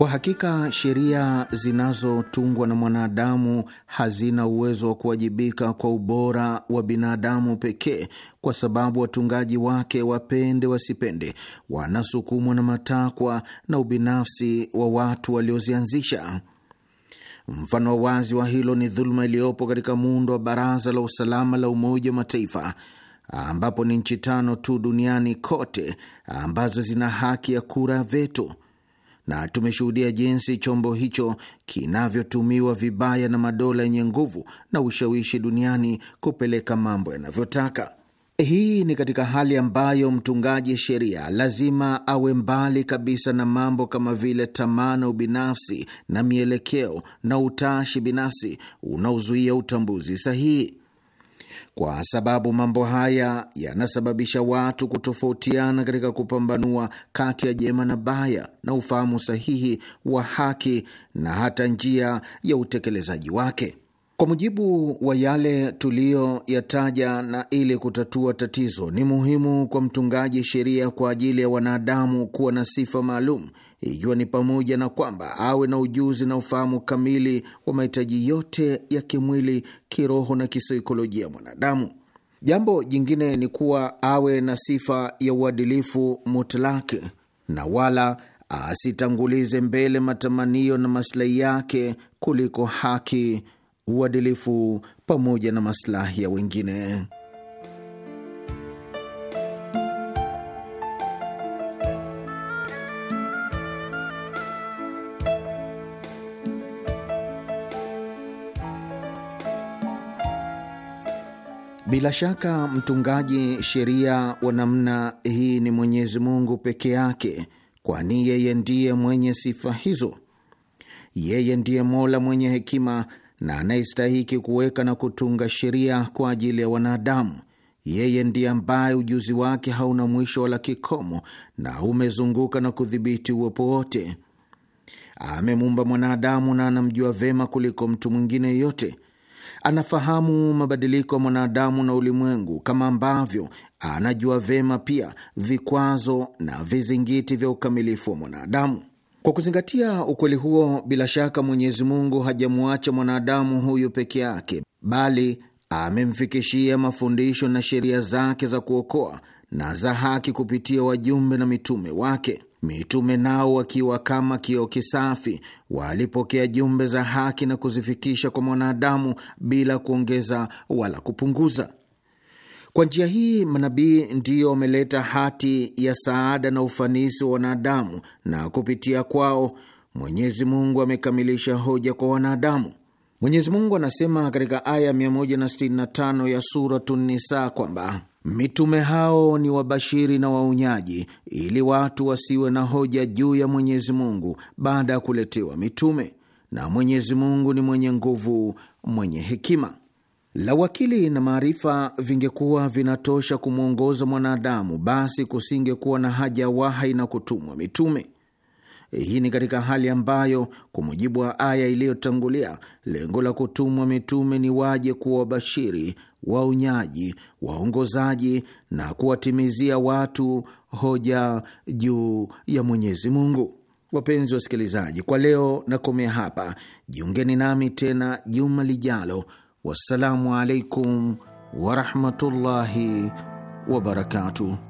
Kwa hakika sheria zinazotungwa na mwanadamu hazina uwezo wa kuwajibika kwa ubora wa binadamu pekee, kwa sababu watungaji wake, wapende wasipende, wanasukumwa na matakwa na ubinafsi wa watu waliozianzisha. Mfano wa wazi wa hilo ni dhuluma iliyopo katika muundo wa Baraza la Usalama la Umoja wa Mataifa ambapo ni nchi tano tu duniani kote ambazo zina haki ya kura ya veto na tumeshuhudia jinsi chombo hicho kinavyotumiwa vibaya na madola yenye nguvu na ushawishi duniani kupeleka mambo yanavyotaka. Hii ni katika hali ambayo mtungaji sheria lazima awe mbali kabisa na mambo kama vile tamaa na ubinafsi na mielekeo na utashi binafsi unaozuia utambuzi sahihi kwa sababu mambo haya yanasababisha watu kutofautiana katika kupambanua kati ya jema na baya na ufahamu sahihi wa haki na hata njia ya utekelezaji wake. Kwa mujibu wa yale tuliyoyataja, na ili kutatua tatizo, ni muhimu kwa mtungaji sheria kwa ajili ya wanadamu kuwa na sifa maalum ikiwa ni pamoja na kwamba awe na ujuzi na ufahamu kamili wa mahitaji yote ya kimwili, kiroho na kisaikolojia mwanadamu. Jambo jingine ni kuwa awe na sifa ya uadilifu mutlaki na wala asitangulize mbele matamanio na maslahi yake kuliko haki, uadilifu pamoja na maslahi ya wengine. Bila shaka mtungaji sheria wa namna hii ni Mwenyezi Mungu peke yake, kwani yeye ndiye mwenye sifa hizo. Yeye ndiye Mola mwenye hekima na anayestahiki kuweka na kutunga sheria kwa ajili ya wanadamu. Yeye ndiye ambaye ujuzi wake hauna mwisho wala kikomo na umezunguka na kudhibiti uwepo wote. Amemuumba mwanadamu na anamjua vema kuliko mtu mwingine yote Anafahamu mabadiliko ya mwanadamu na ulimwengu, kama ambavyo anajua vema pia vikwazo na vizingiti vya ukamilifu wa mwanadamu. Kwa kuzingatia ukweli huo, bila shaka Mwenyezi Mungu hajamwacha mwanadamu huyu peke yake, bali amemfikishia mafundisho na sheria zake za kuokoa na za haki kupitia wajumbe na mitume wake. Mitume nao wakiwa kama kioo kisafi, walipokea jumbe za haki na kuzifikisha kwa mwanadamu bila kuongeza wala kupunguza. Kwa njia hii manabii ndiyo wameleta hati ya saada na ufanisi wa wanadamu, na kupitia kwao Mwenyezi Mungu amekamilisha hoja kwa wanadamu. Mwenyezi Mungu anasema katika aya 165 ya Suratu Nisa kwamba Mitume hao ni wabashiri na waonyaji, ili watu wasiwe na hoja juu ya Mwenyezi Mungu baada ya kuletewa mitume, na Mwenyezi Mungu ni mwenye nguvu, mwenye hekima. Lawakili na maarifa vingekuwa vinatosha kumwongoza mwanadamu, basi kusingekuwa na haja ya wahai na kutumwa mitume. Hii ni katika hali ambayo kwa mujibu wa aya iliyotangulia, lengo la kutumwa mitume ni waje kuwa wabashiri, waonyaji, waongozaji na kuwatimizia watu hoja juu ya Mwenyezi Mungu. Wapenzi wasikilizaji, kwa leo nakomea hapa. Jiungeni nami tena juma lijalo. Wassalamu alaikum warahmatullahi wabarakatuh.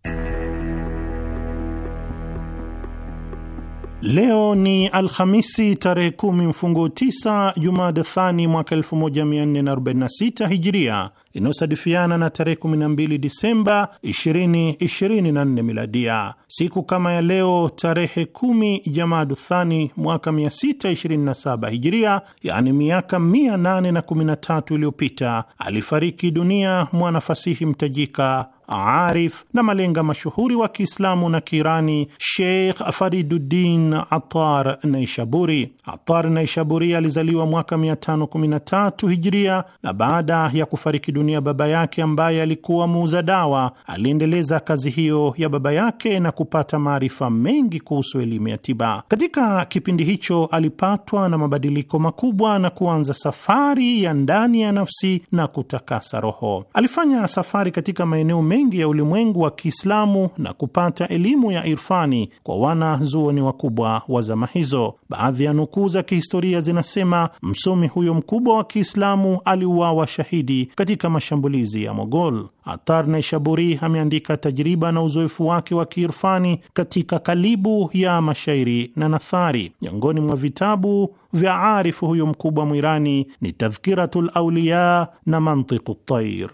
Leo ni Alhamisi tarehe kumi mfungo tisa Jumada Thani mwaka 1446 Hijria, inayosadifiana na tarehe 12 Disemba 2024 Miladia. Siku kama ya leo tarehe kumi Jamadu Thani mwaka 627 Hijria, yaani miaka 813 iliyopita, alifariki dunia mwanafasihi mtajika arif na malenga mashuhuri wa Kiislamu na Kiirani Sheikh Fariduddin Attar Naishaburi. Attar Naishaburi alizaliwa mwaka 513 Hijria, na baada ya kufariki dunia baba yake ambaye alikuwa muuza dawa, aliendeleza kazi hiyo ya baba yake na kupata maarifa mengi kuhusu elimu ya tiba. Katika kipindi hicho alipatwa na mabadiliko makubwa na kuanza safari ya ndani ya nafsi na kutakasa roho. Alifanya safari katika maeneo mengi mengi ya ulimwengu wa Kiislamu na kupata elimu ya irfani kwa wana zuoni wakubwa wa zama hizo. Baadhi ya nukuu za kihistoria zinasema msomi huyo mkubwa wa Kiislamu aliuawa shahidi katika mashambulizi ya Mogol. Atar Naishaburi ameandika tajriba na uzoefu wake wa kiirfani katika kalibu ya mashairi na nathari. Miongoni mwa vitabu vya arifu huyo mkubwa mwirani ni Tadhkiratu Lauliya na Mantiqu Tair.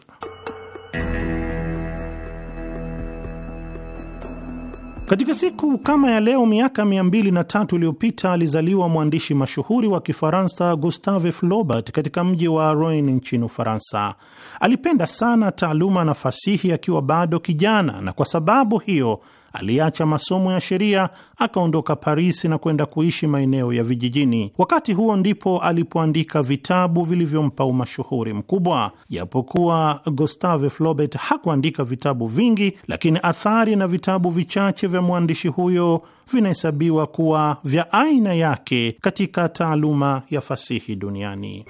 Katika siku kama ya leo miaka 203 iliyopita alizaliwa mwandishi mashuhuri wa Kifaransa Gustave Flaubert katika mji wa Rouen nchini Ufaransa. Alipenda sana taaluma na fasihi akiwa bado kijana, na kwa sababu hiyo aliacha masomo ya sheria akaondoka Paris na kwenda kuishi maeneo ya vijijini. Wakati huo ndipo alipoandika vitabu vilivyompa umashuhuri mkubwa. Japokuwa Gustave Flaubert hakuandika vitabu vingi, lakini athari na vitabu vichache vya mwandishi huyo vinahesabiwa kuwa vya aina yake katika taaluma ya fasihi duniani.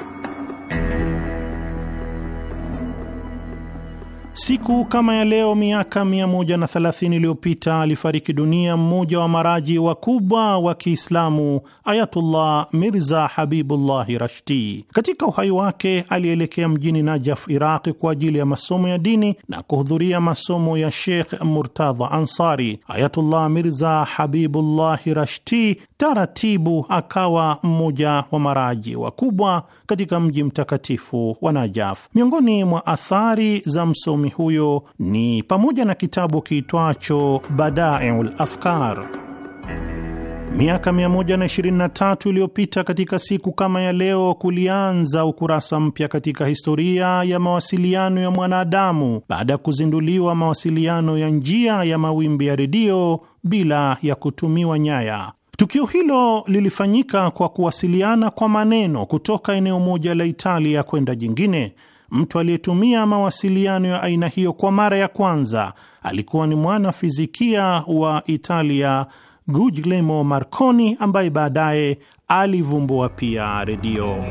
Siku kama ya leo miaka 130 iliyopita alifariki dunia mmoja wa maraji wakubwa wa Kiislamu, Ayatullah Mirza Habibullahi Rashti. Katika uhai wake alielekea mjini Najaf, Iraqi, kwa ajili ya masomo ya dini na kuhudhuria masomo ya Sheikh Murtadha Ansari. Ayatullah Mirza Habibullahi Rashti taratibu akawa mmoja wa maraji wakubwa katika mji mtakatifu wa Najaf. Miongoni mwa athari za msomi msomi huyo ni pamoja na kitabu kiitwacho Badaiul Afkar. Miaka 123 iliyopita katika siku kama ya leo, kulianza ukurasa mpya katika historia ya mawasiliano ya mwanadamu baada ya kuzinduliwa mawasiliano ya njia ya mawimbi ya redio bila ya kutumiwa nyaya. Tukio hilo lilifanyika kwa kuwasiliana kwa maneno kutoka eneo moja la Italia kwenda jingine mtu aliyetumia mawasiliano ya aina hiyo kwa mara ya kwanza alikuwa ni mwana fizikia wa Italia Guglielmo Marconi ambaye baadaye alivumbua pia redio.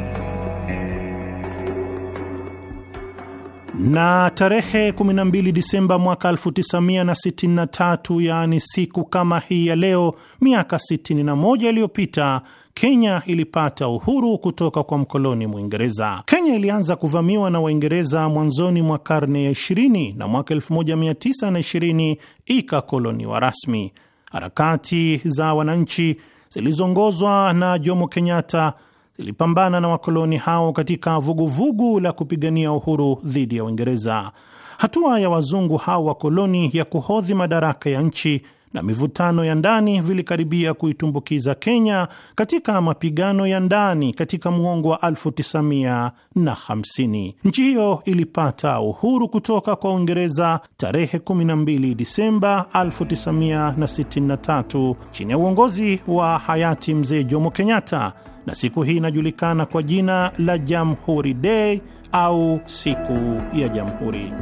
na tarehe 12 Disemba mwaka 1963, yaani siku kama hii ya leo miaka 61 iliyopita Kenya ilipata uhuru kutoka kwa mkoloni Mwingereza. Kenya ilianza kuvamiwa na Waingereza mwanzoni mwa karne ya 20 na mwaka 1920 ikakoloniwa rasmi. Harakati za wananchi zilizoongozwa na Jomo Kenyatta zilipambana na wakoloni hao katika vuguvugu vugu la kupigania uhuru dhidi ya Uingereza. Hatua ya wazungu hao wakoloni ya kuhodhi madaraka ya nchi na mivutano ya ndani vilikaribia kuitumbukiza Kenya katika mapigano ya ndani katika muongo wa 1950. Nchi hiyo ilipata uhuru kutoka kwa Uingereza tarehe 12 Disemba 1963 chini ya uongozi wa hayati Mzee Jomo Kenyatta na siku hii inajulikana kwa jina la Jamhuri Day au siku ya Jamhuri.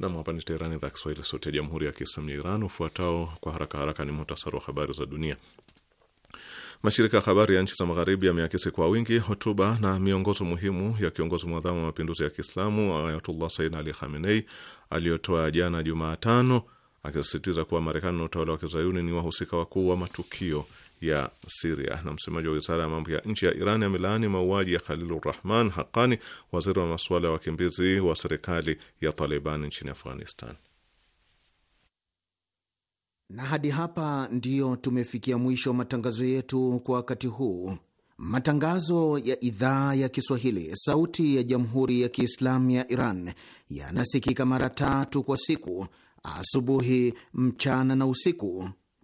Nam, hapa ni Teherani, idhaa Kiswahili, sauti ya jamhuri ya kiislamu ya Iran. Ufuatao kwa haraka haraka ni muhtasari wa habari za dunia. Mashirika ya habari ya nchi za magharibi yameakisi kwa wingi hotuba na miongozo muhimu ya kiongozi mwadhamu wa mapinduzi ya Kiislamu Ayatullah Sayyid Ali Khamenei aliyotoa jana Jumatano, akisisitiza kuwa Marekani na utawala wa kizayuni ni wahusika wakuu wa matukio ya Siria. Na msemaji wa wizara ya mambo ya nchi ya Iran amelaani mauaji ya Khalilur Rahman Haqani, waziri wa masuala ya wakimbizi wa serikali ya Taliban nchini Afghanistan. Na hadi hapa ndiyo tumefikia mwisho wa matangazo yetu kwa wakati huu. Matangazo ya idhaa ya Kiswahili sauti ya jamhuri ya Kiislamu ya Iran yanasikika mara tatu kwa siku: asubuhi, mchana na usiku.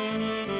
Thank you.